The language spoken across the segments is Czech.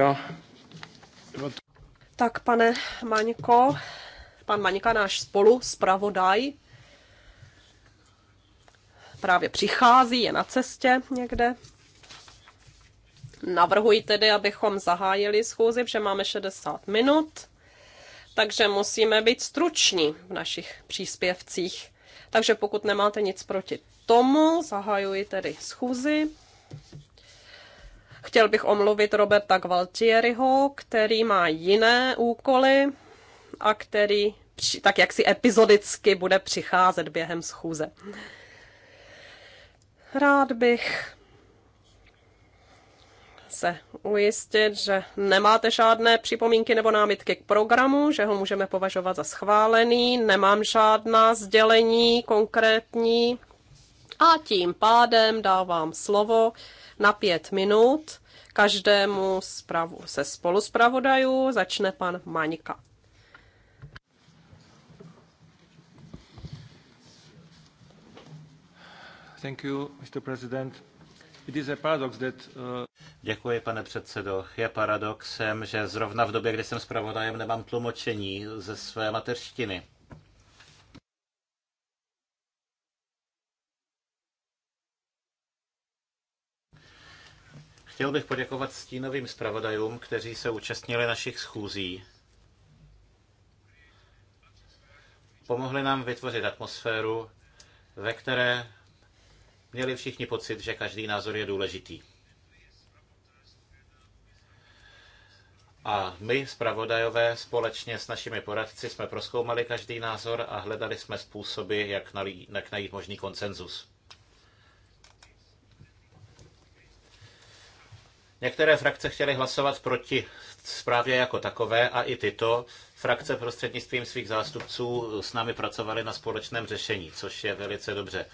Jo. Tak pane Maňko, pan Maňka, náš spolu zpravodaj, právě přichází, je na cestě někde. Navrhuji tedy, abychom zahájili schůzi, protože máme 60 minut, takže musíme být struční v našich příspěvcích. Takže pokud nemáte nic proti tomu, zahajuji tedy schůzi. Chtěl bych omluvit Roberta Gualtieriho, který má jiné úkoly a který tak jak si epizodicky bude přicházet během schůze. Rád bych se ujistit, že nemáte žádné připomínky nebo námitky k programu, že ho můžeme považovat za schválený, nemám žádná sdělení konkrétní a tím pádem dávám slovo na pět minut každému zpravu, se spoluspravodajů. Začne pan Maňka. Thank you, Mr. President. That, uh... Děkuji, pane předsedo. Je paradoxem, že zrovna v době, kdy jsem zpravodajem, nemám tlumočení ze své mateřštiny. Chtěl bych poděkovat stínovým zpravodajům, kteří se účastnili našich schůzí. Pomohli nám vytvořit atmosféru, ve které měli všichni pocit, že každý názor je důležitý. A my, zpravodajové, společně s našimi poradci jsme proskoumali každý názor a hledali jsme způsoby, jak, nalí, jak najít možný konsenzus. Některé frakce chtěly hlasovat proti zprávě jako takové a i tyto frakce prostřednictvím svých zástupců s námi pracovaly na společném řešení, což je velice dobře.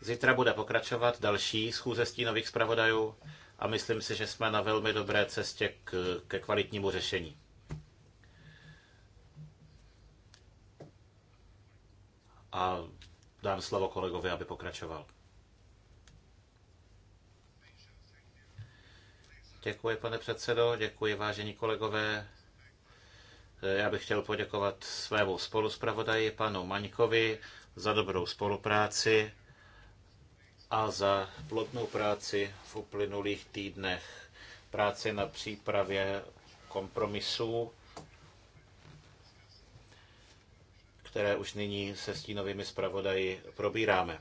Zítra bude pokračovat další schůze stínových zpravodajů a myslím si, že jsme na velmi dobré cestě k, ke kvalitnímu řešení. A dám slovo kolegovi, aby pokračoval. Děkuji, pane předsedo, děkuji, vážení kolegové. Já bych chtěl poděkovat svému spoluspravodaji, panu Maňkovi, za dobrou spolupráci a za plodnou práci v uplynulých týdnech. Práci na přípravě kompromisů, které už nyní se stínovými zpravodaji probíráme.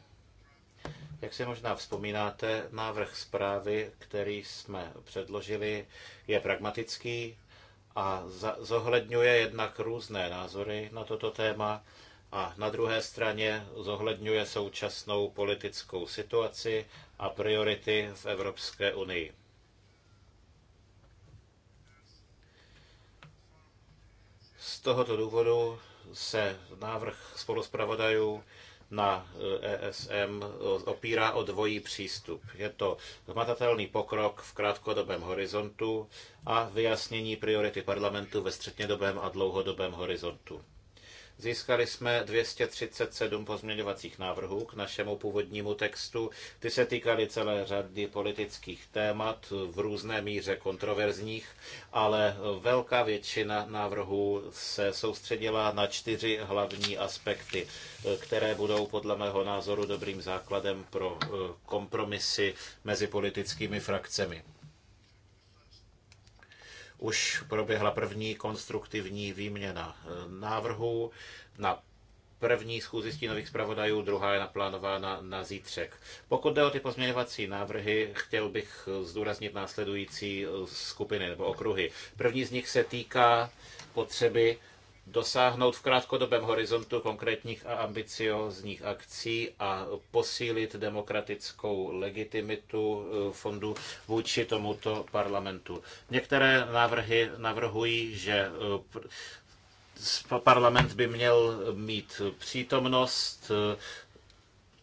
Jak si možná vzpomínáte, návrh zprávy, který jsme předložili, je pragmatický a zohledňuje jednak různé názory na toto téma a na druhé straně zohledňuje současnou politickou situaci a priority v Evropské unii. Z tohoto důvodu se návrh spoluzpravodajů na ESM eh, e eh, opírá o dvojí přístup. Je to hmatatelný pokrok v krátkodobém horizontu a vyjasnění priority parlamentu ve střednědobém a dlouhodobém horizontu. Získali jsme 237 pozměňovacích návrhů k našemu původnímu textu. Ty se týkaly celé řady politických témat, v různé míře kontroverzních, ale velká většina návrhů se soustředila na čtyři hlavní aspekty, které budou podle mého názoru dobrým základem pro eh, kompromisy mezi politickými frakcemi už proběhla první konstruktivní výměna eh, návrhů na první schůzi stínových zpravodajů, druhá je naplánována na zítřek. Pokud jde o ty pozměňovací návrhy, chtěl bych eh, zdůraznit následující eh, skupiny nebo okruhy. První z nich se týká potřeby dosáhnout v krátkodobém horizontu konkrétních a ambiciózních akcí a posílit demokratickou legitimitu eh, fondu vůči tomuto parlamentu. Některé návrhy navrhují, že eh, parlament by měl mít přítomnost eh,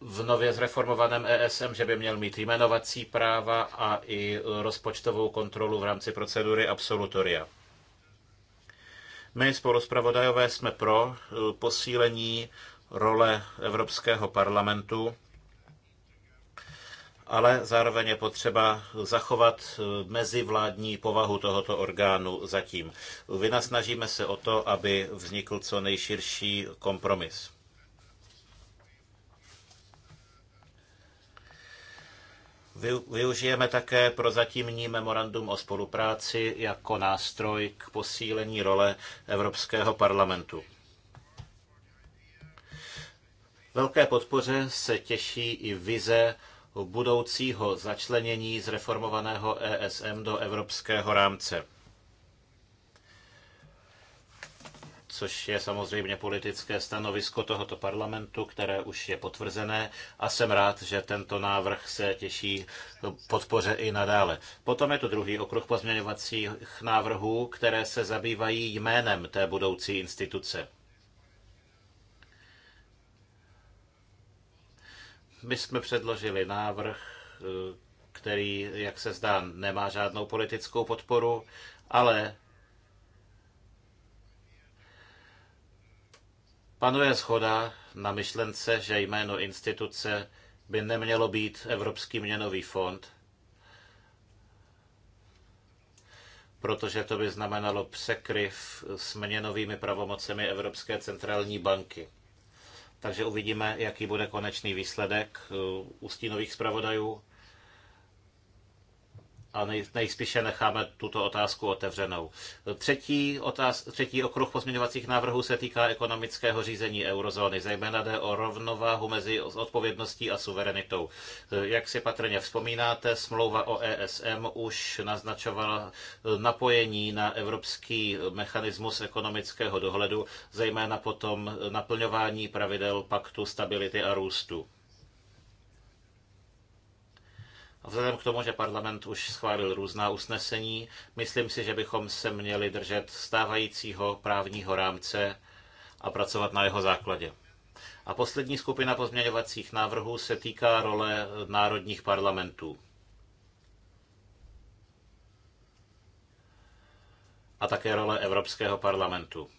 v nově zreformovaném ESM, že by měl mít jmenovací práva a i rozpočtovou kontrolu v rámci procedury absolutoria. My spoluzpravodajové jsme pro eh, posílení role Evropského parlamentu, ale zároveň je potřeba zachovat eh, mezivládní povahu tohoto orgánu zatím. Vynasnažíme se o to, aby vznikl co nejširší kompromis. Využijeme také prozatímní memorandum o spolupráci jako nástroj k posílení role Evropského parlamentu. Velké podpoře se těší i vize budoucího začlenění zreformovaného ESM do evropského rámce. což je samozřejmě politické stanovisko tohoto parlamentu, které už je potvrzené a jsem rád, že tento návrh se těší podpoře i nadále. Potom je to druhý okruh pozměňovacích návrhů, které se zabývají jménem té budoucí instituce. My jsme předložili návrh, který, jak se zdá, nemá žádnou politickou podporu, ale Panuje shoda na myšlence, že jméno instituce by nemělo být Evropský měnový fond, protože to by znamenalo překryv s měnovými pravomocemi Evropské centrální banky. Takže uvidíme, jaký bude konečný výsledek eh, u stínových zpravodajů a nej, nejspíše necháme tuto otázku otevřenou. Třetí, otáz, třetí okruh pozměňovacích návrhů se týká ekonomického řízení eurozóny. Zejména jde o rovnováhu mezi odpovědností a suverenitou. Jak si patrně vzpomínáte, smlouva o ESM už naznačovala napojení na evropský mechanismus ekonomického dohledu, zejména potom naplňování pravidel paktu stability a růstu. Vzhledem k tomu, že parlament už schválil různá usnesení, myslím si, že bychom se měli držet stávajícího právního rámce a pracovat na jeho základě. A poslední skupina pozměňovacích návrhů se týká role národních parlamentů. A také role Evropského parlamentu.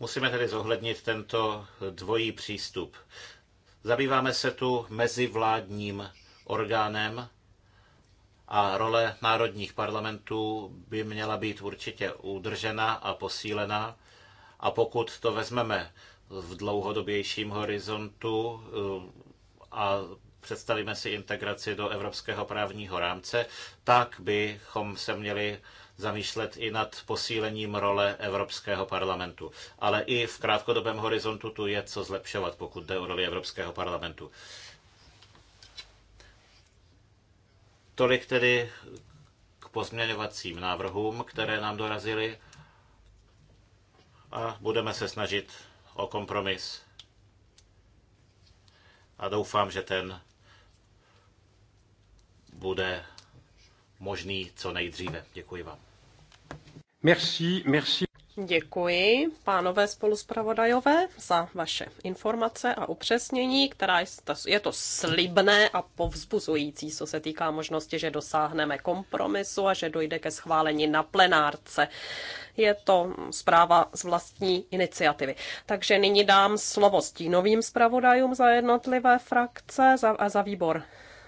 Musíme tedy zohlednit tento dvojí přístup. Zabýváme se tu mezivládním orgánem a role národních parlamentů by měla být určitě udržena a posílena. A pokud to vezmeme v dlouhodobějším horizontu eh, a představíme si integraci do evropského právního rámce, tak bychom se měli zamýšlet i nad posílením role Evropského parlamentu. Ale i v krátkodobém horizontu tu je co zlepšovat, pokud jde o roli Evropského parlamentu. Tolik tedy k pozměňovacím návrhům, které nám dorazily a budeme se snažit o kompromis. A doufám, že ten bude možný co nejdříve. Děkuji vám. Merci, merci. Děkuji, pánové spoluspravodajové, za vaše informace a upřesnění, která je to slibné a povzbuzující, co se týká možnosti, že dosáhneme kompromisu a že dojde ke schválení na plenárce. Je to zpráva z vlastní iniciativy. Takže nyní dám slovo stínovým zpravodajům za jednotlivé frakce a za, za výbor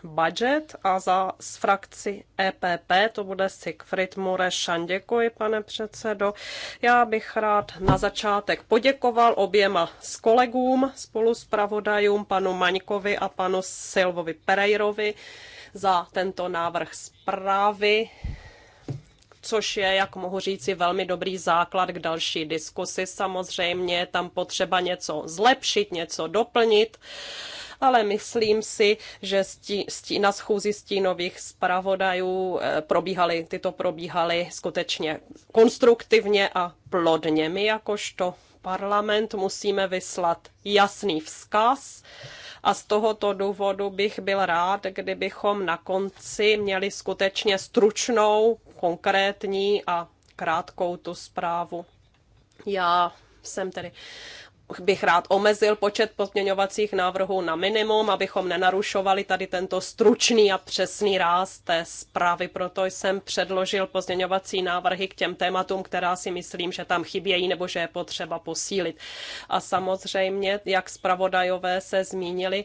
budget a za z frakci EPP to bude Sigfrid Murešan. Děkuji, pane předsedo. Já bych rád na začátek poděkoval oběma s kolegům, spolu s pravodajům, panu Maňkovi a panu Silvovi Pereirovi za tento návrh zprávy což je, jak mohu říci, velmi dobrý základ k další diskusi. Samozřejmě je tam potřeba něco zlepšit, něco doplnit ale myslím si, že stí, stí, na schůzi stínových zpravodajů eh, probíhaly, tyto probíhaly skutečně konstruktivně a plodně. My jakožto parlament musíme vyslat jasný vzkaz a z tohoto důvodu bych byl rád, kdybychom na konci měli skutečně stručnou, konkrétní a krátkou tu zprávu. Já jsem tedy bych rád omezil počet pozměňovacích návrhů na minimum, abychom nenarušovali tady tento stručný a přesný ráz té zprávy. Proto jsem předložil pozměňovací návrhy k těm tématům, která si myslím, že tam chybějí nebo že je potřeba posílit. A samozřejmě, jak zpravodajové se zmínili,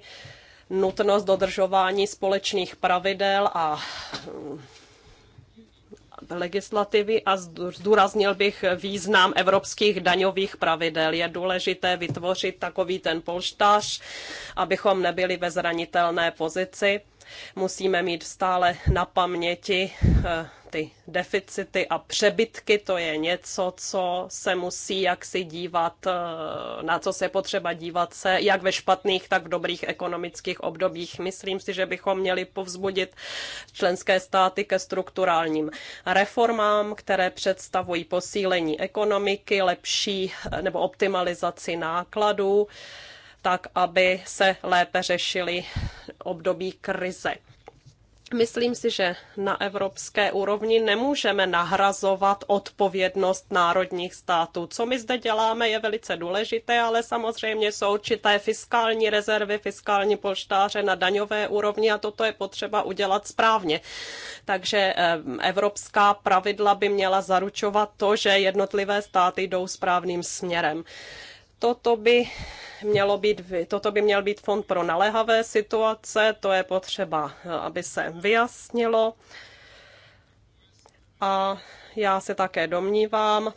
nutnost dodržování společných pravidel a legislativy a zdůraznil bych význam evropských daňových pravidel. Je důležité vytvořit takový ten polštář, abychom nebyli ve zranitelné pozici Musíme mít stále na paměti eh, ty deficity a přebytky, to je něco, co se musí jaksi dívat, eh, na co se potřeba dívat se, jak ve špatných, tak v dobrých ekonomických obdobích. Myslím si, že bychom měli povzbudit členské státy ke strukturálním reformám, které představují posílení ekonomiky, lepší eh, nebo optimalizaci nákladů tak aby se lépe řešily období krize. Myslím si, že na evropské úrovni nemůžeme nahrazovat odpovědnost národních států. Co my zde děláme, je velice důležité, ale samozřejmě jsou určité fiskální rezervy, fiskální polštáře na daňové úrovni a toto je potřeba udělat správně. Takže eh, evropská pravidla by měla zaručovat to, že jednotlivé státy jdou správným směrem. Toto by, mělo být, toto by měl být fond pro naléhavé situace, to je potřeba, aby se vyjasnilo. A já se také domnívám,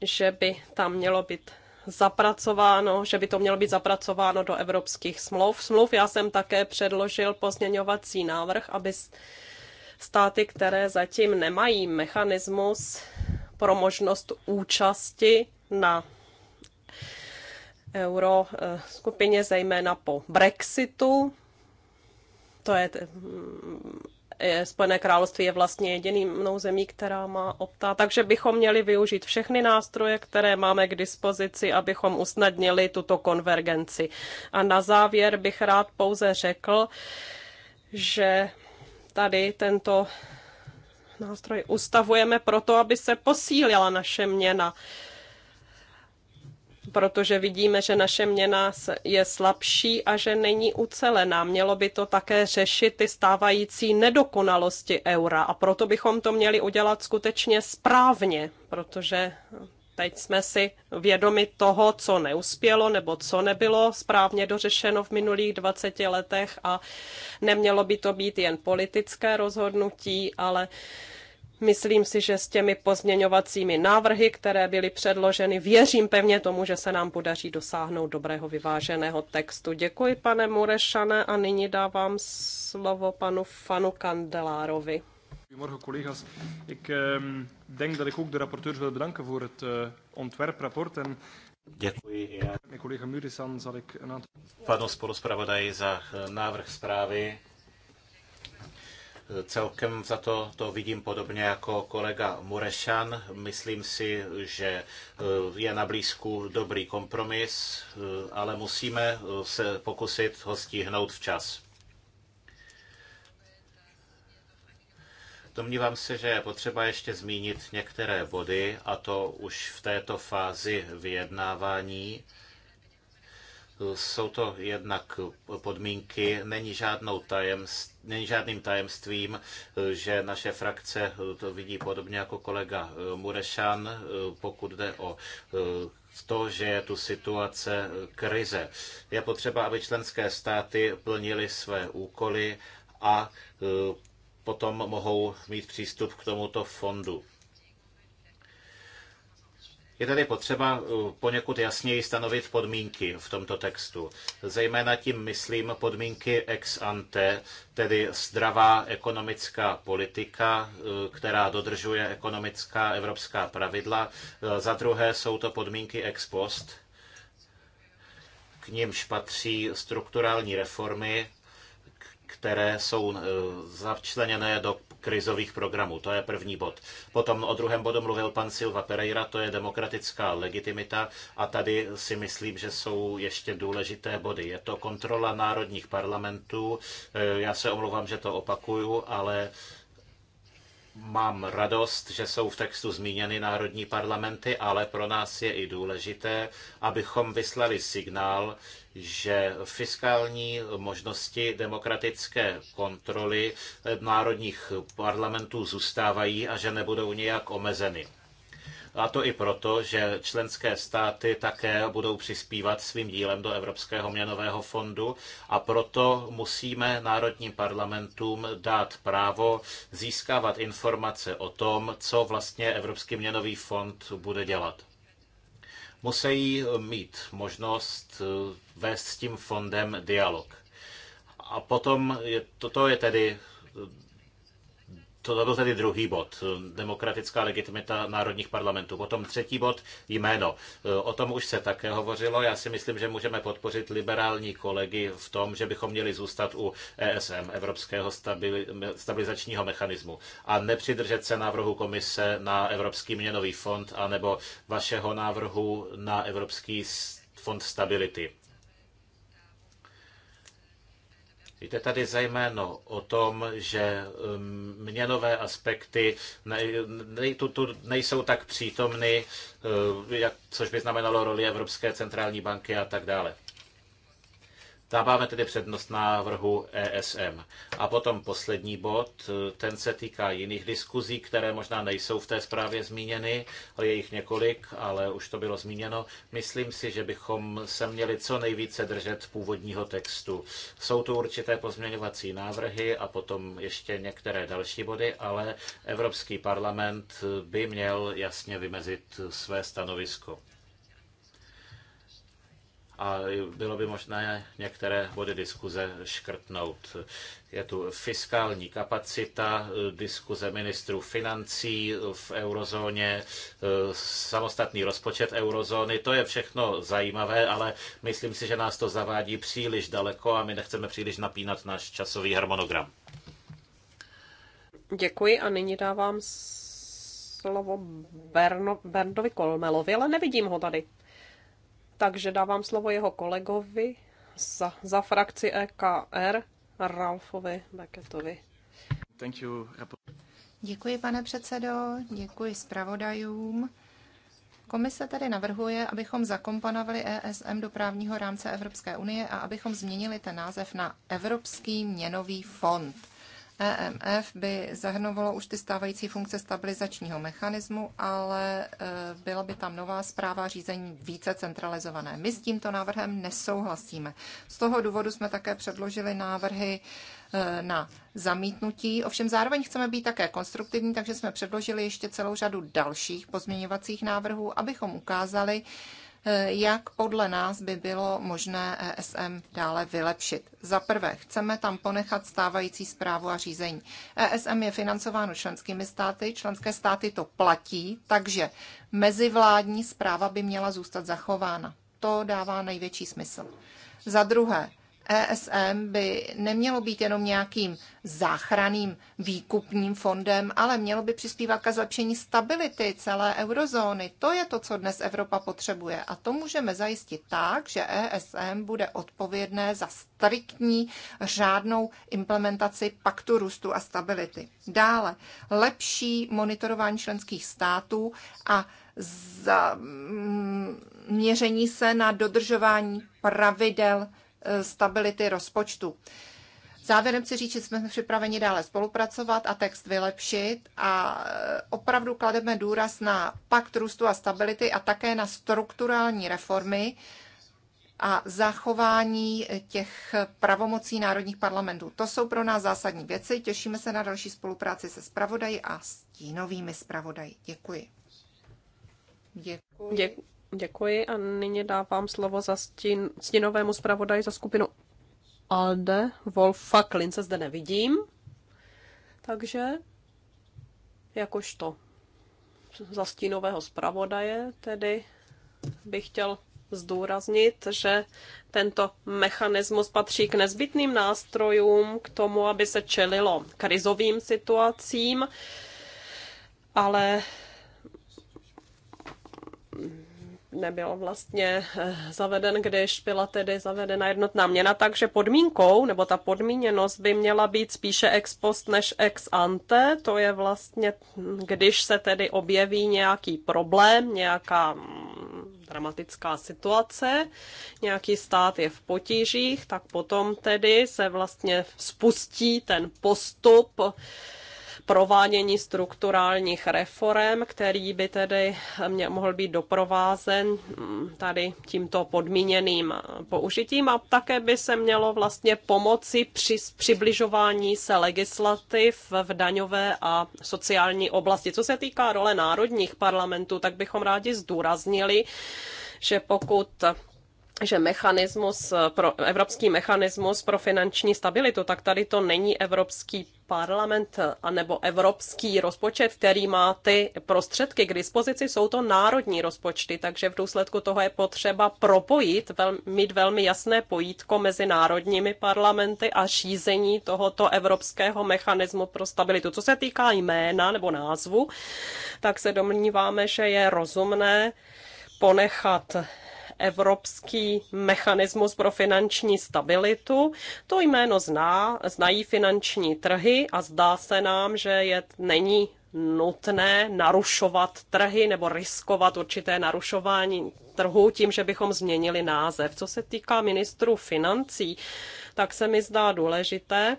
že by tam mělo být zapracováno, že by to mělo být zapracováno do evropských smluv. Smluv já jsem také předložil pozměňovací návrh, aby státy, které zatím nemají mechanismus pro možnost účasti na euro eh, skupině, zejména po Brexitu. To je eh, eh, Spojené království je vlastně jediným zemí, která má opta. Takže bychom měli využít všechny nástroje, které máme k dispozici, abychom usnadnili tuto konvergenci. A na závěr bych rád pouze řekl, že tady tento nástroj ustavujeme proto, aby se posílila naše měna protože vidíme, že naše měna je slabší a že není ucelená. Mělo by to také řešit ty stávající nedokonalosti eura a proto bychom to měli udělat skutečně správně, protože teď jsme si vědomi toho, co neuspělo nebo co nebylo správně dořešeno v minulých 20 letech a nemělo by to být jen politické rozhodnutí, ale uh, Myslím si, že s těmi pozměňovacími návrhy, které byly předloženy, věřím pevně tomu, že se nám podaří dosáhnout dobrého vyváženého textu. Děkuji, pane Murešane, a nyní dávám slovo panu Fanu Kandelárovi. Goedemorgen collega's. Ik um, denk dat ik ook de rapporteurs wil bedanken voor het uh, ontwerprapport. En Děkuji. Mijn collega Murisan zal ik een aantal... Panu spoluzpravodaji za eh, návrh zprávy. Celkem za to to vidím podobně jako kolega Murešan. Myslím si, že eh, je na blízku dobrý kompromis, eh, ale musíme eh, se pokusit ho stihnout včas. Domnívám se, že je potřeba ještě zmínit některé body, a to už v této fázi vyjednávání. Jsou to jednak podmínky, není, žádnou tajemství, není žádným tajemstvím, že naše frakce to vidí podobně jako kolega Murešan, pokud jde o eh, to, že je tu situace krize. Je potřeba, aby členské státy plnily své úkoly a eh, potom mohou mít přístup k tomuto fondu. Je tedy potřeba uh, poněkud jasněji stanovit podmínky v tomto textu. Zejména tím myslím podmínky ex ante, tedy zdravá ekonomická politika, uh, která dodržuje ekonomická evropská pravidla. Uh, za druhé jsou to podmínky ex post, k nímž patří strukturální reformy, které jsou začleněné do krizových programů. To je první bod. Potom o druhém bodu mluvil pan Silva Pereira, to je demokratická legitimita a tady si myslím, že jsou ještě důležité body. Je to kontrola národních parlamentů. Eh, já se omlouvám, že to opakuju, ale mám radost, že jsou v textu zmíněny národní parlamenty, ale pro nás je i důležité, abychom vyslali signál, že fiskální možnosti demokratické kontroly národních parlamentů zůstávají a že nebudou nijak omezeny. A to i proto, že členské státy také budou přispívat svým dílem do Evropského měnového fondu a proto musíme národním parlamentům dát právo získávat informace o tom, co vlastně Evropský měnový fond bude dělat musí eh, mít možnost eh, vést s tím fondem dialog. A potom je, toto je tedy eh, to byl tedy druhý bod, demokratická legitimita národních parlamentů. Potom třetí bod, jméno. O tom už se také hovořilo. Já si myslím, že můžeme podpořit liberální kolegy v tom, že bychom měli zůstat u ESM, Evropského stabilizačního mechanismu, a nepřidržet se návrhu komise na Evropský měnový fond, anebo vašeho návrhu na Evropský fond stability. Jde tady zejména o tom, že um, měnové aspekty nejsou tak přítomny, uh, což by znamenalo roli Evropské centrální banky a tak dále. Dáváme tedy přednost návrhu ESM. A potom poslední bod, ten se týká jiných diskuzí, které možná nejsou v té zprávě zmíněny, je jich několik, ale už to bylo zmíněno. Myslím si, že bychom se měli co nejvíce držet původního textu. Jsou tu určité pozměňovací návrhy a potom ještě některé další body, ale Evropský parlament by měl jasně vymezit své stanovisko a bylo by možné některé body diskuze škrtnout. Je tu fiskální kapacita, diskuze ministrů financí v eurozóně, samostatný rozpočet eurozóny. To je všechno zajímavé, ale myslím si, že nás to zavádí příliš daleko a my nechceme příliš napínat náš časový harmonogram. Děkuji a nyní dávám slovo Berno, Bernovi Kolmelovi, ale nevidím ho tady. Takže dávám slovo jeho kolegovi za, za frakci EKR, Ralfovi Beketovi. Thank you. Děkuji, pane předsedo, děkuji zpravodajům. Komise tedy navrhuje, abychom zakomponovali ESM do právního rámce Evropské unie a abychom změnili ten název na Evropský měnový fond. EMF by zahrnovalo už ty stávající funkce stabilizačního mechanismu, ale e, byla by tam nová zpráva řízení více centralizované. My s tímto návrhem nesouhlasíme. Z toho důvodu jsme také předložili návrhy e, na zamítnutí. Ovšem zároveň chceme být také konstruktivní, takže jsme předložili ještě celou řadu dalších pozměňovacích návrhů, abychom ukázali, Eh, jak podle nás by bylo možné ESM dále vylepšit. Za prvé, chceme tam ponechat stávající zprávu a řízení. ESM je financováno členskými státy, členské státy to platí, takže mezivládní zpráva by měla zůstat zachována. To dává největší smysl. Za druhé, ESM by nemělo být jenom nějakým záchranným výkupním fondem, ale mělo by přispívat ke zlepšení stability celé eurozóny. To je to, co dnes Evropa potřebuje. A to můžeme zajistit tak, že ESM bude odpovědné za striktní řádnou implementaci paktu růstu a stability. Dále, lepší monitorování členských států a za, mm, měření se na dodržování pravidel Eh, stability rozpočtu. Závěrem chci říct, že jsme připraveni dále spolupracovat a text vylepšit a eh, opravdu klademe důraz na pakt růstu a stability a také na strukturální reformy a zachování eh, těch pravomocí národních parlamentů. To jsou pro nás zásadní věci. Těšíme se na další spolupráci se spravodají a stínovými zpravodaji. Děkuji. Děkuji. Děkuji. Děkuji a nyní dávám slovo za stín, stínovému zpravodaji za skupinu Alde. Wolfa Klince zde nevidím, takže jakožto za stínového zpravodaje tedy bych chtěl zdůraznit, že tento mechanismus patří k nezbytným nástrojům k tomu, aby se čelilo krizovým situacím, ale nebyl vlastně eh, zaveden, když byla tedy zavedena jednotná měna, takže podmínkou, nebo ta podmíněnost by měla být spíše ex post než ex ante, to je vlastně, když se tedy objeví nějaký problém, nějaká mm, dramatická situace, nějaký stát je v potížích, tak potom tedy se vlastně spustí ten postup provádění strukturálních reform, který by tedy mě mohl být doprovázen mm, tady tímto podmíněným eh, použitím a také by se mělo vlastně pomoci při přibližování se legislativ v daňové a sociální oblasti. Co se týká role národních parlamentů, tak bychom rádi zdůraznili, že pokud že mechanismus eh, pro, evropský mechanismus pro finanční stabilitu, tak tady to není evropský parlament eh, anebo evropský rozpočet, který má ty prostředky k dispozici, jsou to národní rozpočty, takže v důsledku toho je potřeba propojit, vel, mít velmi jasné pojítko mezi národními parlamenty a šízení tohoto evropského mechanismu pro stabilitu. Co se týká jména nebo názvu, tak se domníváme, že je rozumné ponechat Evropský mechanismus pro finanční stabilitu. To jméno zná, znají finanční trhy a zdá se nám, že je, není nutné narušovat trhy nebo riskovat určité narušování trhu tím, že bychom změnili název. Co se týká ministrů financí, tak se mi zdá důležité,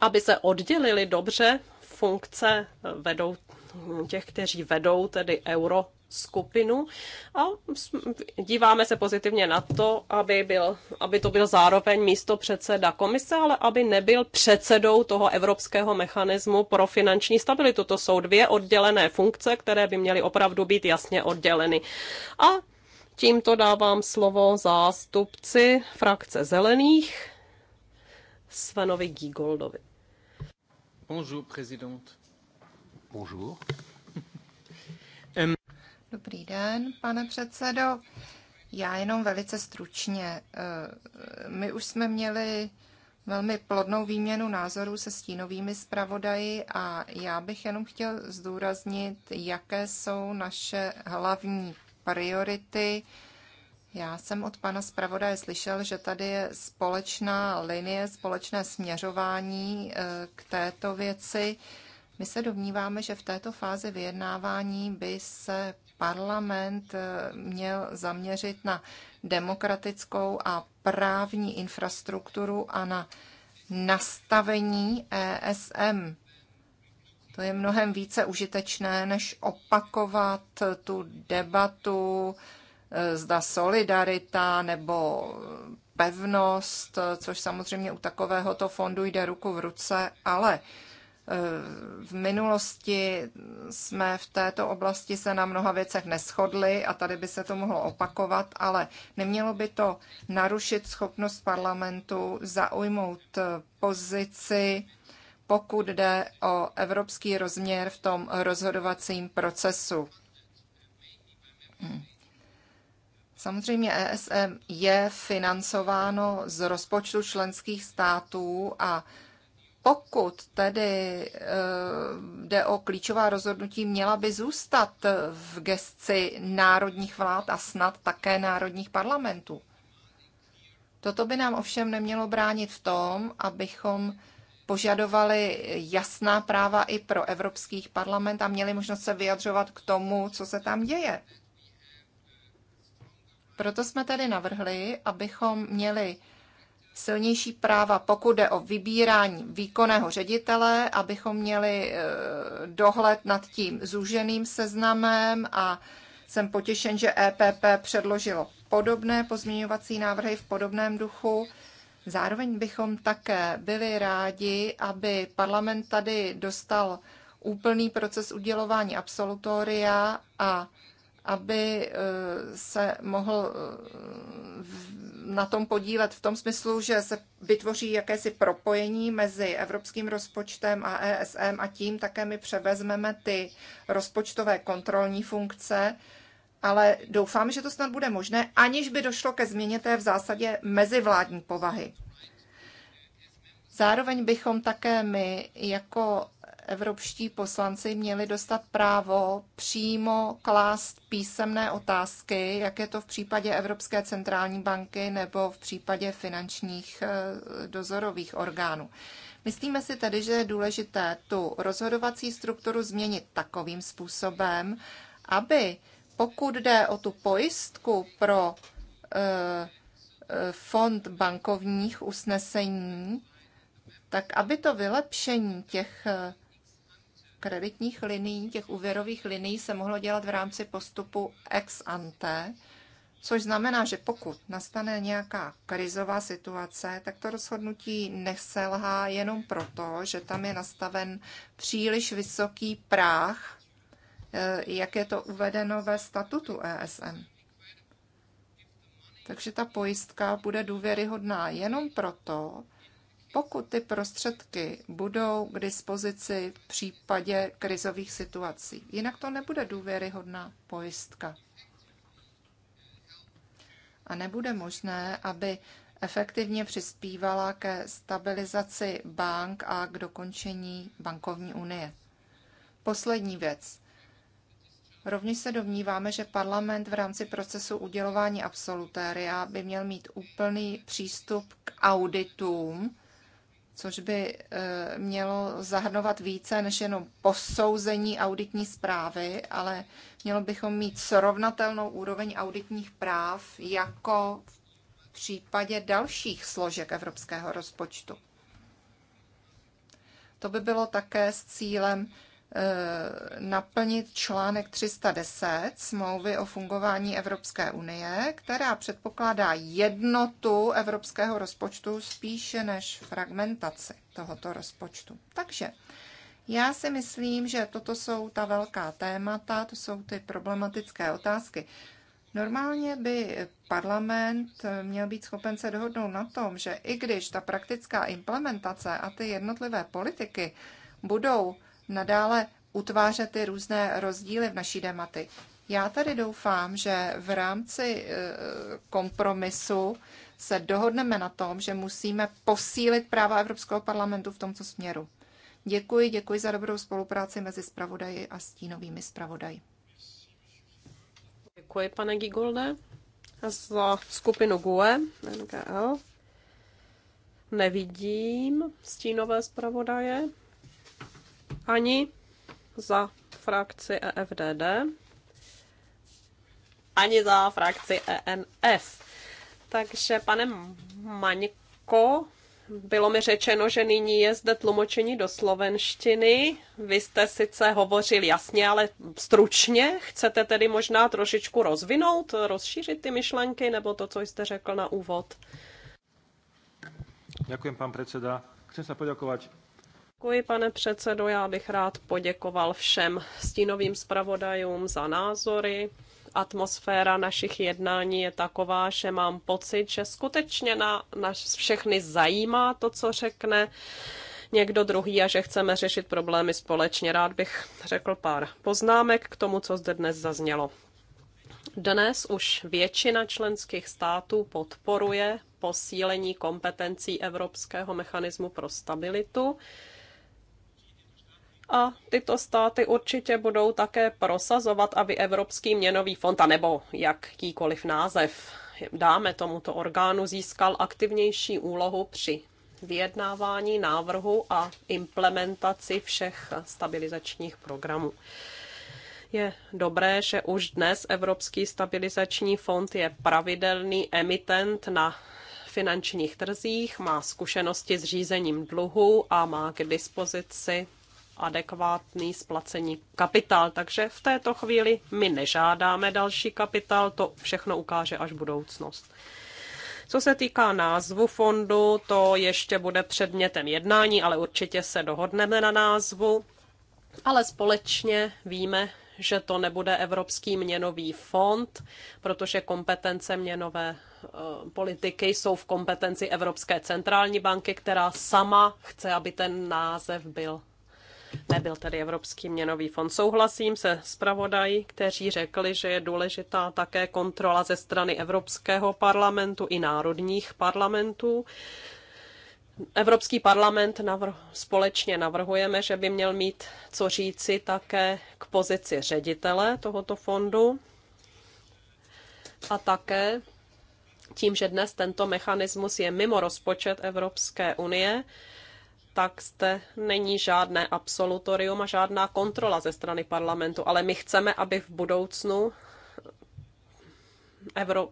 aby se oddělili dobře funkce vedou, těch, kteří vedou tedy euro skupinu a díváme se pozitivně na to, aby, byl, aby to byl zároveň místo předseda komise, ale aby nebyl předsedou toho evropského mechanismu pro finanční stabilitu. To jsou dvě oddělené funkce, které by měly opravdu být jasně odděleny. A tímto dávám slovo zástupci frakce zelených Svenovi Gigoldovi. Bonjour, président. Bonjour. Dobrý den, pane předsedo. Já jenom velice stručně. Eh, my už jsme měli velmi plodnou výměnu názorů se stínovými zpravodaji a já bych jenom chtěl zdůraznit, jaké jsou naše hlavní priority. Já jsem od pana zpravodaje slyšel, že tady je společná linie, společné směřování eh, k této věci. My se domníváme, že v této fázi vyjednávání by se parlament eh, měl zaměřit na demokratickou a právní infrastrukturu a na nastavení ESM. To je mnohem více užitečné, než opakovat tu debatu, eh, zda solidarita nebo pevnost, eh, což samozřejmě u takovéhoto fondu jde ruku v ruce, ale Eh, v minulosti jsme v této oblasti se na mnoha věcech neschodli a tady by se to mohlo opakovat, ale nemělo by to narušit schopnost parlamentu zaujmout eh, pozici, pokud jde o evropský rozměr v tom rozhodovacím procesu. Hmm. Samozřejmě ESM je financováno z rozpočtu členských států a pokud tedy eh, jde o klíčová rozhodnutí, měla by zůstat v gesci národních vlád a snad také národních parlamentů. Toto by nám ovšem nemělo bránit v tom, abychom požadovali jasná práva i pro evropských parlament a měli možnost se vyjadřovat k tomu, co se tam děje. Proto jsme tedy navrhli, abychom měli silnější práva, pokud jde o vybírání výkonného ředitele, abychom měli eh, dohled nad tím zúženým seznamem a jsem potěšen, že EPP předložilo podobné pozměňovací návrhy v podobném duchu. Zároveň bychom také byli rádi, aby parlament tady dostal úplný proces udělování absolutoria a aby eh, se mohl eh, na tom podílet v tom smyslu, že se vytvoří jakési propojení mezi evropským rozpočtem a ESM a tím také my převezmeme ty rozpočtové kontrolní funkce, ale doufám, že to snad bude možné, aniž by došlo ke změně té v zásadě mezivládní povahy. Zároveň bychom také my jako evropští poslanci měli dostat právo přímo klást písemné otázky, jak je to v případě Evropské centrální banky nebo v případě finančních eh, dozorových orgánů. Myslíme si tedy, že je důležité tu rozhodovací strukturu změnit takovým způsobem, aby pokud jde o tu pojistku pro eh, eh, fond bankovních usnesení, tak aby to vylepšení těch kreditních linií, těch úvěrových linií se mohlo dělat v rámci postupu ex ante, což znamená, že pokud nastane nějaká krizová situace, tak to rozhodnutí neselhá jenom proto, že tam je nastaven příliš vysoký práh, eh, jak je to uvedeno ve statutu ESM. Takže ta pojistka bude důvěryhodná jenom proto, pokud ty prostředky budou k dispozici v případě krizových situací, jinak to nebude důvěryhodná pojistka. A nebude možné, aby efektivně přispívala ke stabilizaci bank a k dokončení bankovní unie. Poslední věc. Rovněž se domníváme, že parlament v rámci procesu udělování absolutéria by měl mít úplný přístup k auditům což by eh, mělo zahrnovat více než jenom posouzení auditní zprávy, ale mělo bychom mít srovnatelnou úroveň auditních práv jako v případě dalších složek evropského rozpočtu. To by bylo také s cílem Eh, naplnit článek 310 smlouvy o fungování Evropské unie, která předpokládá jednotu evropského rozpočtu spíše než fragmentaci tohoto rozpočtu. Takže já si myslím, že toto jsou ta velká témata, to jsou ty problematické otázky. Normálně by parlament měl být schopen se dohodnout na tom, že i když ta praktická implementace a ty jednotlivé politiky budou nadále utvářet ty různé rozdíly v naší dematy. Já tady doufám, že v rámci e, kompromisu se dohodneme na tom, že musíme posílit práva Evropského parlamentu v tomto směru. Děkuji, děkuji za dobrou spolupráci mezi zpravodaji a stínovými zpravodaji. Děkuji, pane Gigolde, za skupinu GUE, NKL. Nevidím stínové zpravodaje ani za frakci EFDD, ani za frakci ENF. Takže, pane Maňko, bylo mi řečeno, že nyní je zde tlumočení do slovenštiny. Vy jste sice hovořil jasně, ale stručně. Chcete tedy možná trošičku rozvinout, rozšířit ty myšlenky, nebo to, co jste řekl na úvod? Děkuji, pan předseda. Chci se poděkovat Děkuji, pane předsedo. Já bych rád poděkoval všem stínovým zpravodajům za názory. Atmosféra našich jednání je taková, že mám pocit, že skutečně na, nás všechny zajímá to, co řekne někdo druhý a že chceme řešit problémy společně. Rád bych řekl pár poznámek k tomu, co zde dnes zaznělo. Dnes už většina členských států podporuje posílení kompetencí Evropského mechanismu pro stabilitu a tyto státy určitě budou také prosazovat, aby Evropský měnový fond, a nebo jakýkoliv název dáme tomuto orgánu, získal aktivnější úlohu při vyjednávání návrhu a implementaci všech stabilizačních programů. Je dobré, že už dnes Evropský stabilizační fond je pravidelný emitent na finančních trzích, má zkušenosti s řízením dluhu a má k dispozici adekvátní splacení kapitál. Takže v této chvíli my nežádáme další kapitál, to všechno ukáže až budoucnost. Co se týká názvu fondu, to ještě bude předmětem jednání, ale určitě se dohodneme na názvu. Ale společně víme, že to nebude Evropský měnový fond, protože kompetence měnové eh, politiky jsou v kompetenci Evropské centrální banky, která sama chce, aby ten název byl nebyl tedy Evropský měnový fond. Souhlasím se zpravodají, kteří řekli, že je důležitá také kontrola ze strany Evropského parlamentu i národních parlamentů. Evropský parlament navr- společně navrhujeme, že by měl mít co říci také k pozici ředitele tohoto fondu a také tím, že dnes tento mechanismus je mimo rozpočet Evropské unie, tak zde není žádné absolutorium a žádná kontrola ze strany parlamentu, ale my chceme, aby v budoucnu Evro...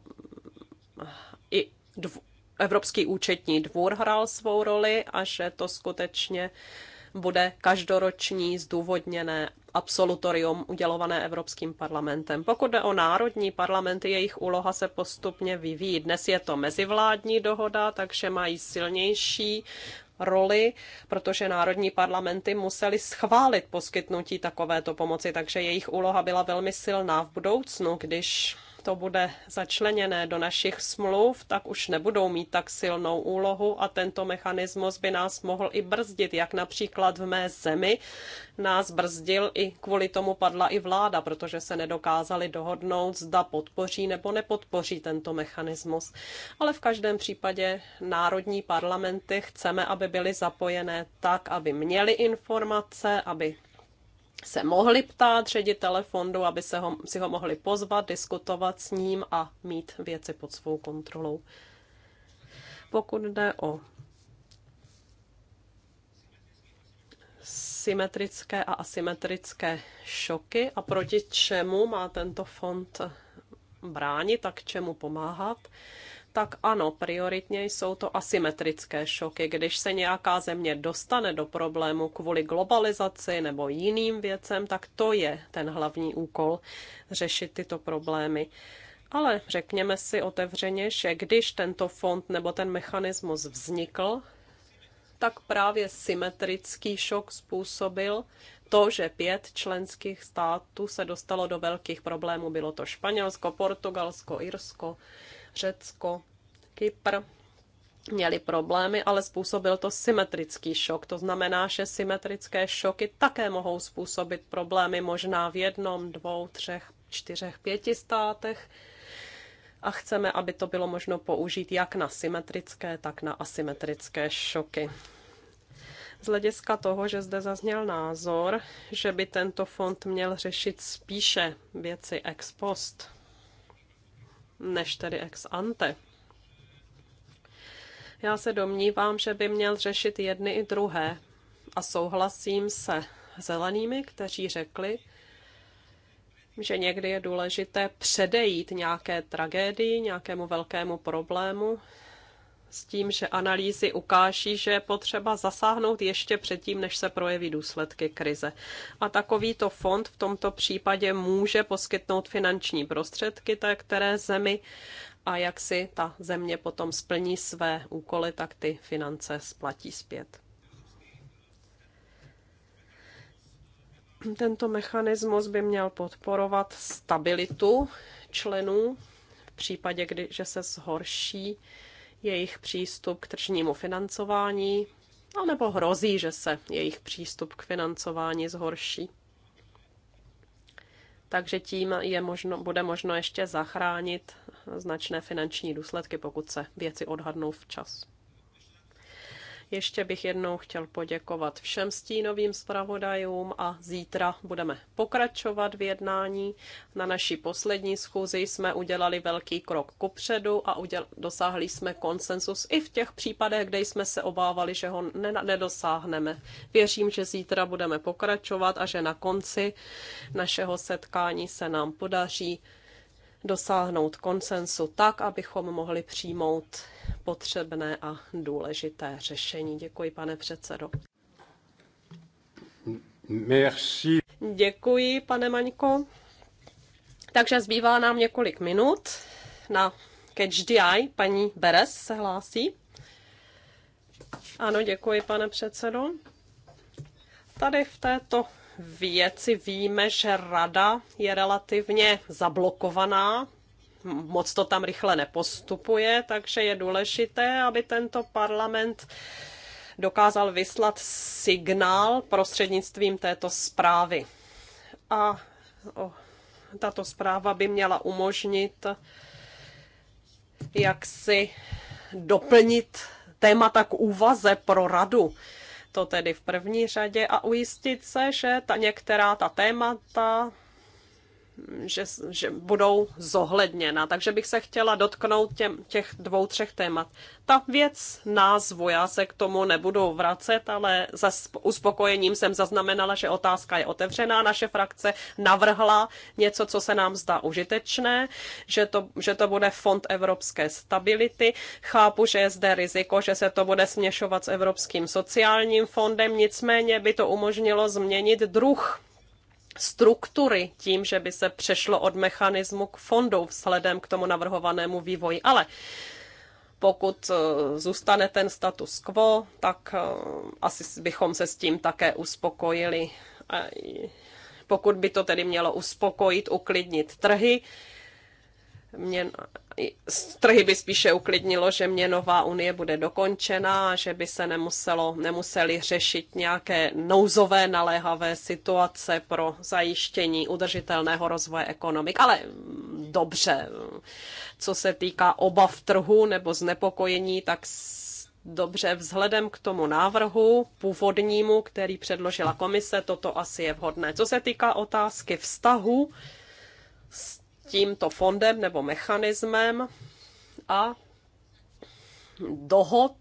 i dv... Evropský účetní dvůr hrál svou roli a že to skutečně bude každoroční zdůvodněné absolutorium udělované Evropským parlamentem. Pokud jde o národní parlamenty, jejich úloha se postupně vyvíjí. Dnes je to mezivládní dohoda, takže mají silnější roli, protože národní parlamenty museli schválit poskytnutí takovéto pomoci, takže jejich úloha byla velmi silná v budoucnu, když to bude začleněné do našich smluv, tak už nebudou mít tak silnou úlohu a tento mechanismus by nás mohl i brzdit, jak například v mé zemi nás brzdil i kvůli tomu padla i vláda, protože se nedokázali dohodnout, zda podpoří nebo nepodpoří tento mechanismus. Ale v každém případě národní parlamenty chceme, aby byly zapojené tak, aby měly informace, aby se mohli ptát ředitele fondu, aby se ho, si ho mohli pozvat, diskutovat s ním a mít věci pod svou kontrolou. Pokud jde o symetrické a asymetrické šoky a proti čemu má tento fond bránit a k čemu pomáhat, tak ano, prioritně jsou to asymetrické šoky. Když se nějaká země dostane do problému kvůli globalizaci nebo jiným věcem, tak to je ten hlavní úkol řešit tyto problémy. Ale řekněme si otevřeně, že když tento fond nebo ten mechanismus vznikl, tak právě symetrický šok způsobil to, že pět členských států se dostalo do velkých problémů. Bylo to Španělsko, Portugalsko, Irsko, Řecko, Kypr měli problémy, ale způsobil to symetrický šok. To znamená, že symetrické šoky také mohou způsobit problémy možná v jednom, dvou, třech, čtyřech, pěti státech. A chceme, aby to bylo možno použít jak na symetrické, tak na asymetrické šoky z hlediska toho, že zde zazněl názor, že by tento fond měl řešit spíše věci ex post než tedy ex ante. Já se domnívám, že by měl řešit jedny i druhé a souhlasím se zelenými, kteří řekli, že někdy je důležité předejít nějaké tragédii, nějakému velkému problému, s tím, že analýzy ukáží, že je potřeba zasáhnout ještě předtím, než se projeví důsledky krize. A takovýto fond v tomto případě může poskytnout finanční prostředky té které zemi a jak si ta země potom splní své úkoly, tak ty finance splatí zpět. Tento mechanismus by měl podporovat stabilitu členů v případě, kdy, že se zhorší jejich přístup k tržnímu financování, anebo hrozí, že se jejich přístup k financování zhorší. Takže tím je možno, bude možno ještě zachránit značné finanční důsledky, pokud se věci odhadnou včas. Ještě bych jednou chtěl poděkovat všem stínovým zpravodajům a zítra budeme pokračovat v jednání. Na naší poslední schůzi jsme udělali velký krok kupředu a uděl- dosáhli jsme konsensus i v těch případech, kde jsme se obávali, že ho ne- nedosáhneme. Věřím, že zítra budeme pokračovat a že na konci našeho setkání se nám podaří dosáhnout konsensu tak, abychom mohli přijmout potřebné a důležité řešení. Děkuji, pane předsedo. Merci. Děkuji, pane Maňko. Takže zbývá nám několik minut na Catch the Eye. Paní Beres se hlásí. Ano, děkuji, pane předsedo. Tady v této věci víme, že rada je relativně zablokovaná, moc to tam rychle nepostupuje, takže je důležité, aby tento parlament dokázal vyslat signál prostřednictvím této zprávy. A o, tato zpráva by měla umožnit, jak si doplnit témata k úvaze pro radu to tedy v první řadě a ujistit se, že ta některá ta témata že, že budou zohledněna. Takže bych se chtěla dotknout těm, těch dvou, třech témat. Ta věc názvu, já se k tomu nebudu vracet, ale za uspokojením jsem zaznamenala, že otázka je otevřená. Naše frakce navrhla něco, co se nám zdá užitečné, že to, že to bude Fond evropské stability. Chápu, že je zde riziko, že se to bude směšovat s Evropským sociálním fondem, nicméně by to umožnilo změnit druh struktury tím, že by se přešlo od mechanismu k fondu vzhledem k tomu navrhovanému vývoji. Ale pokud eh, zůstane ten status quo, tak eh, asi bychom se s tím také uspokojili. Pokud by to tedy mělo uspokojit, uklidnit trhy, mě trhy by spíše uklidnilo, že měnová unie bude dokončena, že by se nemuselo, nemuseli řešit nějaké nouzové naléhavé situace pro zajištění udržitelného rozvoje ekonomik. Ale mm, dobře, mm, co se týká obav trhu nebo znepokojení, tak dobře vzhledem k tomu návrhu původnímu, který předložila komise, toto asi je vhodné. Co se týká otázky vztahu s tímto fondem nebo mechanismem a dohod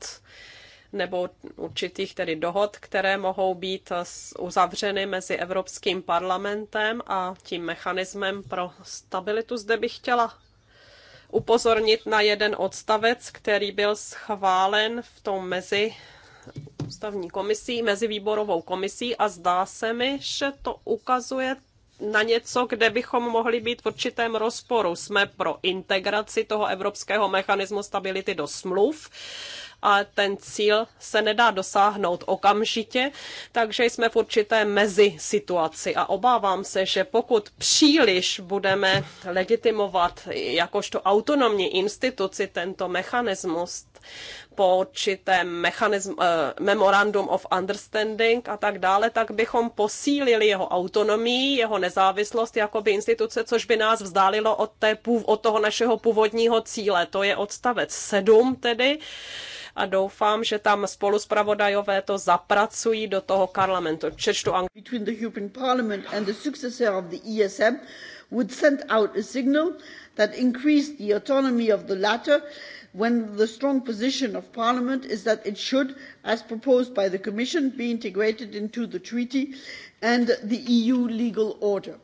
nebo určitých tedy dohod, které mohou být uzavřeny mezi Evropským parlamentem a tím mechanismem pro stabilitu. Zde bych chtěla upozornit na jeden odstavec, který byl schválen v tom mezi ústavní komisí, mezi výborovou komisí a zdá se mi, že to ukazuje na něco, kde bychom mohli být v určitém rozporu. Jsme pro integraci toho evropského mechanismu stability do smluv, a ten cíl se nedá dosáhnout okamžitě, takže jsme v určité mezi situaci a obávám se, že pokud příliš budeme legitimovat jakožto autonomní instituci tento mechanismus, po určitém mechanism, eh, memorandum of understanding a tak dále, tak bychom posílili jeho autonomii, jeho nezávislost jako by instituce, což by nás vzdálilo od, té, od toho našeho původního cíle. To je odstavec 7 tedy a doufám, že tam spoluspravodajové to zapracují do toho parlamentu. Čečtu ang- Between the European Parliament and the successor of the ESM would send out a signal that increased the autonomy of the latter when the strong position of parliament is that it should as proposed by the commission be integrated into the treaty and the eu legal order.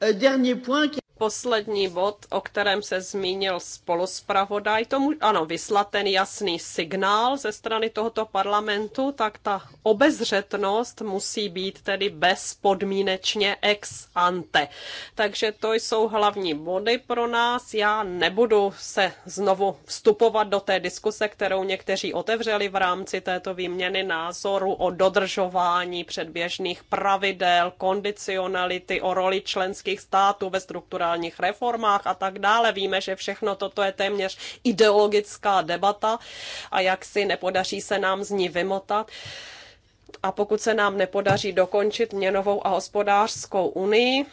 Uh, dernier point poslední bod, o kterém se zmínil spoluspravodaj, tomu, ano, vyslat ten jasný signál ze strany tohoto parlamentu, tak ta obezřetnost musí být tedy bezpodmínečně ex ante. Takže to jsou hlavní body pro nás. Já nebudu se znovu vstupovat do té diskuse, kterou někteří otevřeli v rámci této výměny názoru o dodržování předběžných pravidel, kondicionality, o roli členských států ve strukturách sociálních reformách a tak dále. Víme, že všechno toto je téměř ideologická debata a jak si nepodaří se nám z ní vymotat a pokud se nám nepodaří dokončit měnovou a hospodářskou unii,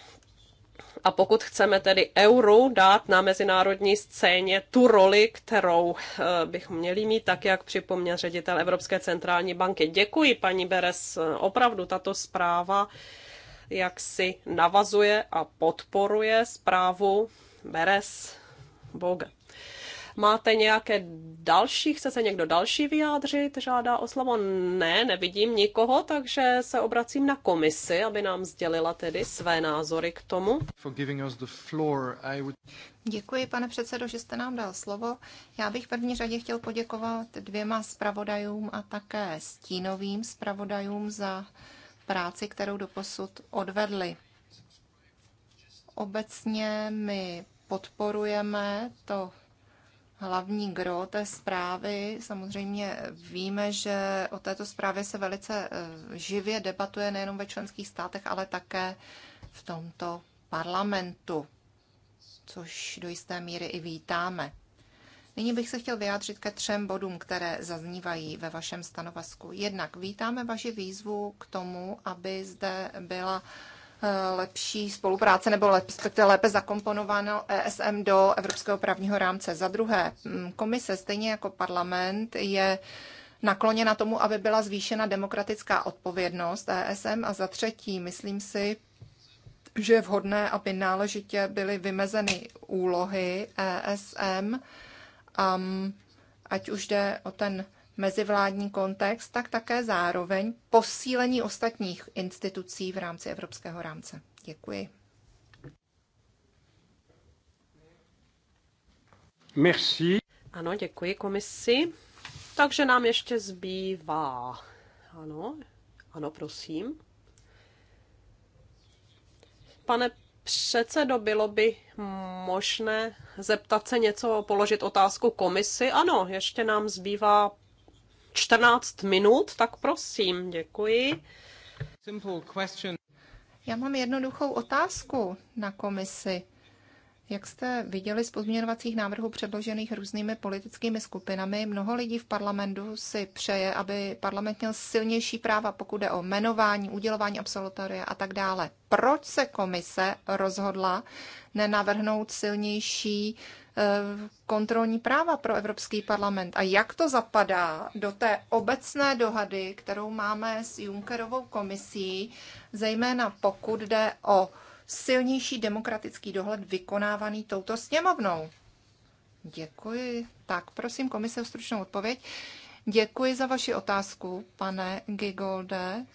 a pokud chceme tedy euro dát na mezinárodní scéně tu roli, kterou eh, bych měli mít, tak jak připomněl ředitel Evropské centrální banky. Děkuji, paní Beres, opravdu tato zpráva jak si navazuje a podporuje zprávu Beres Boga. Máte nějaké další, chce se někdo další vyjádřit, žádá o slovo? Ne, nevidím nikoho, takže se obracím na komisi, aby nám sdělila tedy své názory k tomu. Děkuji, pane předsedo, že jste nám dal slovo. Já bych v první řadě chtěl poděkovat dvěma zpravodajům a také stínovým zpravodajům za práci, kterou doposud odvedli. Obecně my podporujeme to hlavní gro té zprávy. Samozřejmě víme, že o této zprávě se velice eh, živě debatuje nejenom ve členských státech, ale také v tomto parlamentu, což do jisté míry i vítáme. Nyní bych se chtěl vyjádřit ke třem bodům, které zaznívají ve vašem stanovisku. Jednak vítáme vaši výzvu k tomu, aby zde byla eh, lepší spolupráce nebo lépe, lépe zakomponováno ESM do Evropského právního rámce. Za druhé, mm, komise stejně jako parlament je nakloněna tomu, aby byla zvýšena demokratická odpovědnost ESM a za třetí, myslím si, že je vhodné, aby náležitě byly vymezeny úlohy ESM, um, ať už jde o ten mezivládní kontext, tak také zároveň posílení ostatních institucí v rámci evropského rámce. Děkuji. Merci. Ano, děkuji komisi. Takže nám ještě zbývá. Ano, ano, prosím. Pane předsedo, bylo by možné zeptat se něco, položit otázku komisi? Ano, ještě nám zbývá 14 minut, tak prosím, děkuji. Já mám jednoduchou otázku na komisi. Jak jste viděli z pozměňovacích návrhů předložených různými politickými skupinami, mnoho lidí v parlamentu si přeje, aby parlament měl silnější práva, pokud jde o jmenování, udělování absolutoria a tak dále. Proč se komise rozhodla nenavrhnout silnější eh, kontrolní práva pro Evropský parlament a jak to zapadá do té obecné dohady, kterou máme s Junckerovou komisí, zejména pokud jde o silnější demokratický dohled vykonávaný touto sněmovnou. Děkuji. Tak, prosím komise o stručnou odpověď. Děkuji za vaši otázku, pane Gigolde.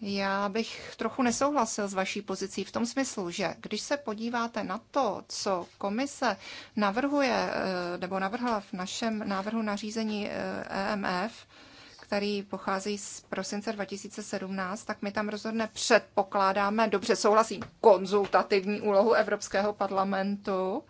Já bych trochu nesouhlasil s vaší pozicí v tom smyslu, že když se podíváte na to, co komise navrhuje eh, nebo navrhla v našem návrhu nařízení EMF, eh, e který pochází z prosince 2017, tak my tam rozhodně předpokládáme, dobře souhlasí, konzultativní úlohu Evropského parlamentu.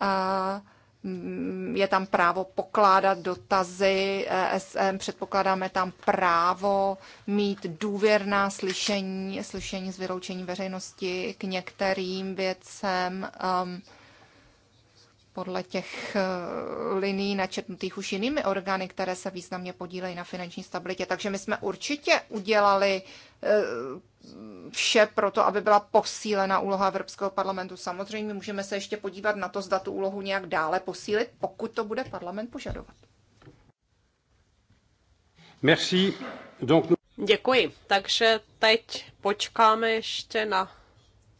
A mm, je tam právo pokládat dotazy ESM, předpokládáme tam právo mít důvěrná slyšení, slyšení s vyloučením veřejnosti k některým věcem. Um, podle těch eh, liní načetnutých už jinými orgány, které se významně podílejí na finanční stabilitě. Takže my jsme určitě udělali eh, vše pro to, aby byla posílena úloha Evropského parlamentu. Samozřejmě můžeme se ještě podívat na to, zda tu úlohu nějak dále posílit, pokud to bude parlament požadovat. Merci. Donc... Děkuji. Takže teď počkáme ještě na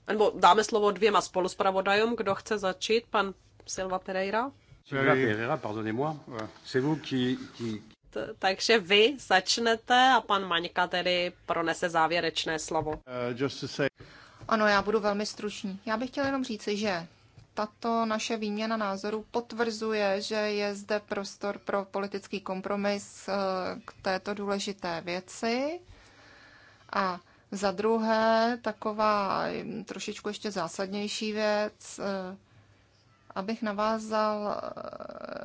nebo dáme slovo dvěma spoluspravodajům. Kdo chce začít? Pan Silva Pereira. Silva Pereira, pardonnez-moi. C'est vous qui, qui... Takže vy začnete a pan Maňka tedy pronese závěrečné slovo. Uh, ano, já budu velmi stručný. Já bych chtěl jenom říci, že tato naše výměna názorů potvrzuje, že je zde prostor pro politický kompromis uh, k této důležité věci. A za druhé, taková mm, trošičku ještě zásadnější věc, uh, abych navázal eh,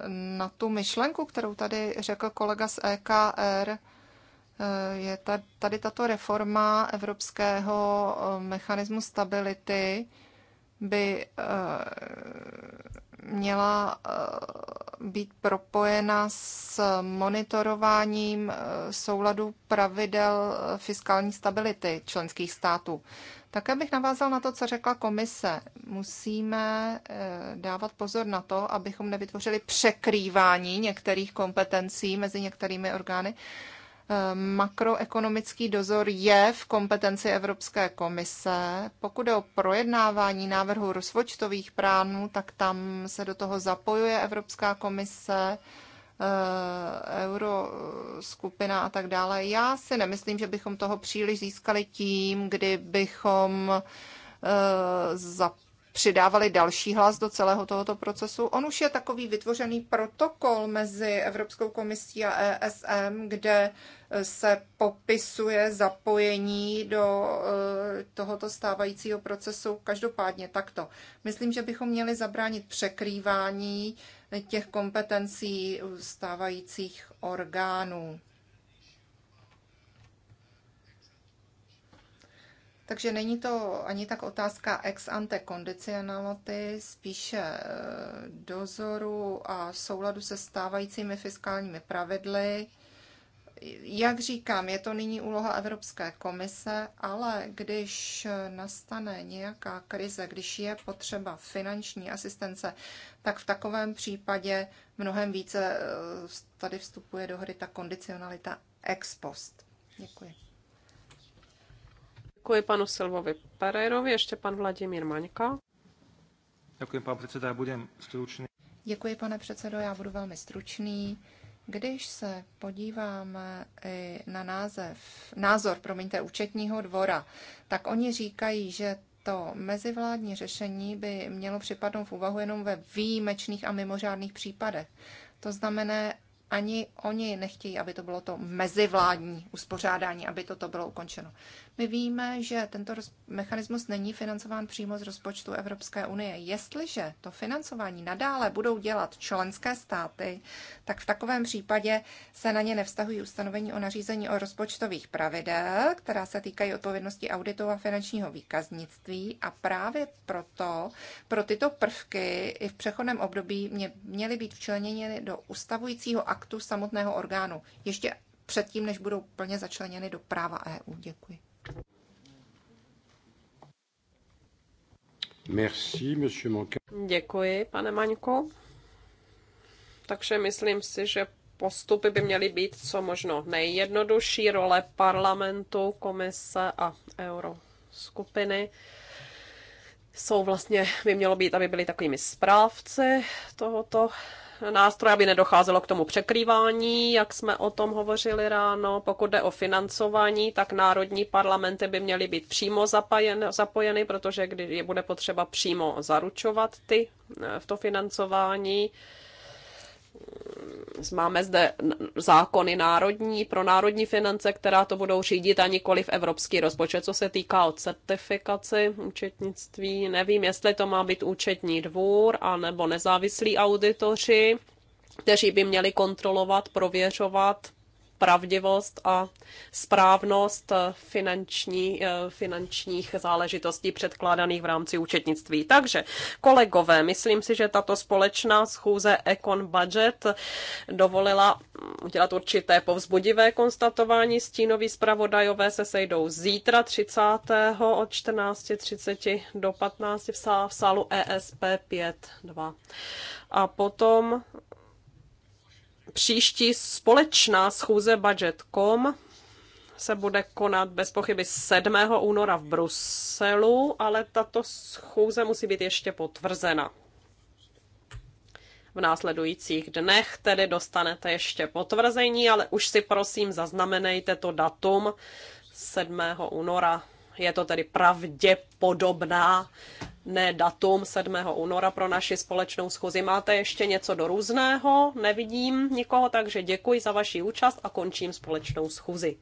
na tu myšlenku, kterou tady řekl kolega z EKR, eh, je tady tato reforma evropského eh, mechanismu stability by měla být propojena s monitorováním souladu pravidel fiskální stability členských států. Také bych navázal na to, co řekla komise. Musíme eh, dávat pozor na to, abychom nevytvořili překrývání některých kompetencí mezi některými orgány. Eh, makroekonomický dozor je v kompetenci Evropské komise. Pokud je o projednávání návrhu rozpočtových plánů, tak tam se do toho zapojuje Evropská komise Eh, euro skupina a tak dále. Já si nemyslím, že bychom toho příliš získali tím, kdybychom eh, zapojili přidávali další hlas do celého tohoto procesu. On už je takový vytvořený protokol mezi Evropskou komisí a ESM, kde eh, se popisuje zapojení do eh, tohoto stávajícího procesu. Každopádně takto. Myslím, že bychom měli zabránit překrývání těch kompetencí stávajících orgánů. Takže není to ani tak otázka ex ante kondicionality, spíše eh, dozoru a souladu se stávajícími fiskálními pravidly. Jak říkám, je to nyní úloha Evropské komise, ale když nastane nějaká krize, když je potřeba finanční asistence, tak v takovém případě mnohem více eh, tady vstupuje do hry ta kondicionalita ex post. Děkuji. Děkuji panu Silvovi Pereirovi, ještě pan Vladimír Maňka. Děkuji, pan předseda, já budem stručný. Děkuji, pane předsedo, já budu velmi stručný. Když se podíváme eh, na název, názor, promiňte, účetního dvora, tak oni říkají, že to mezivládní řešení by mělo připadnout v úvahu jenom ve výjimečných a mimořádných případech. To znamená, ani oni nechtějí, aby to bylo to mezivládní uspořádání, aby toto bylo ukončeno. My víme, že tento mechanismus není financován přímo z rozpočtu Evropské unie. Jestliže to financování nadále budou dělat členské státy, tak v takovém případě se na ně nevztahují ustanovení o nařízení o rozpočtových pravidel, která se týkají odpovědnosti auditu a finančního výkaznictví. A právě proto pro tyto prvky i v přechodném období mě, měly být včleněny do ustavujícího aktu samotného orgánu, ještě předtím, než budou plně začleněny do práva EU. Děkuji. Merci, Děkuji, pane Maňko. Takže myslím si, že postupy by měly být co možno nejjednodušší role parlamentu, komise a euroskupiny jsou vlastně, by mělo být, aby byli takovými správci tohoto nástroje, aby nedocházelo k tomu překrývání, jak jsme o tom hovořili ráno. Pokud jde o financování, tak národní parlamenty by měly být přímo zapajen, zapojeny, protože když je bude potřeba přímo zaručovat ty eh, v to financování, Máme zde zákony národní pro národní finance, která to budou řídit a v evropský rozpočet. Co se týká o certifikaci účetnictví, nevím, jestli to má být účetní dvůr anebo nezávislí auditoři, kteří by měli kontrolovat, prověřovat pravdivost a správnost finanční, eh, finančních záležitostí předkládaných v rámci účetnictví. Takže, kolegové, myslím si, že tato společná schůze Econ Budget dovolila udělat určité povzbudivé konstatování. Stínoví zpravodajové se sejdou zítra 30. od 14.30 do 15 v sálu ESP 5.2. A potom Příští společná schůze budget.com se bude konat bez pochyby 7. února v Bruselu, ale tato schůze musí být ještě potvrzena. V následujících dnech tedy dostanete ještě potvrzení, ale už si prosím zaznamenejte to datum 7. února je to tedy pravděpodobná, ne datum 7. února pro naši společnou schůzi. Máte ještě něco do různého? Nevidím nikoho, takže děkuji za vaši účast a končím společnou schůzi.